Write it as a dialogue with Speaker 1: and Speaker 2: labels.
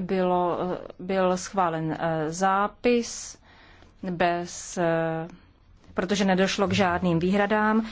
Speaker 1: bylo, byl schválen eh, zápis bez eh, protože nedošlo k žádným výhradám.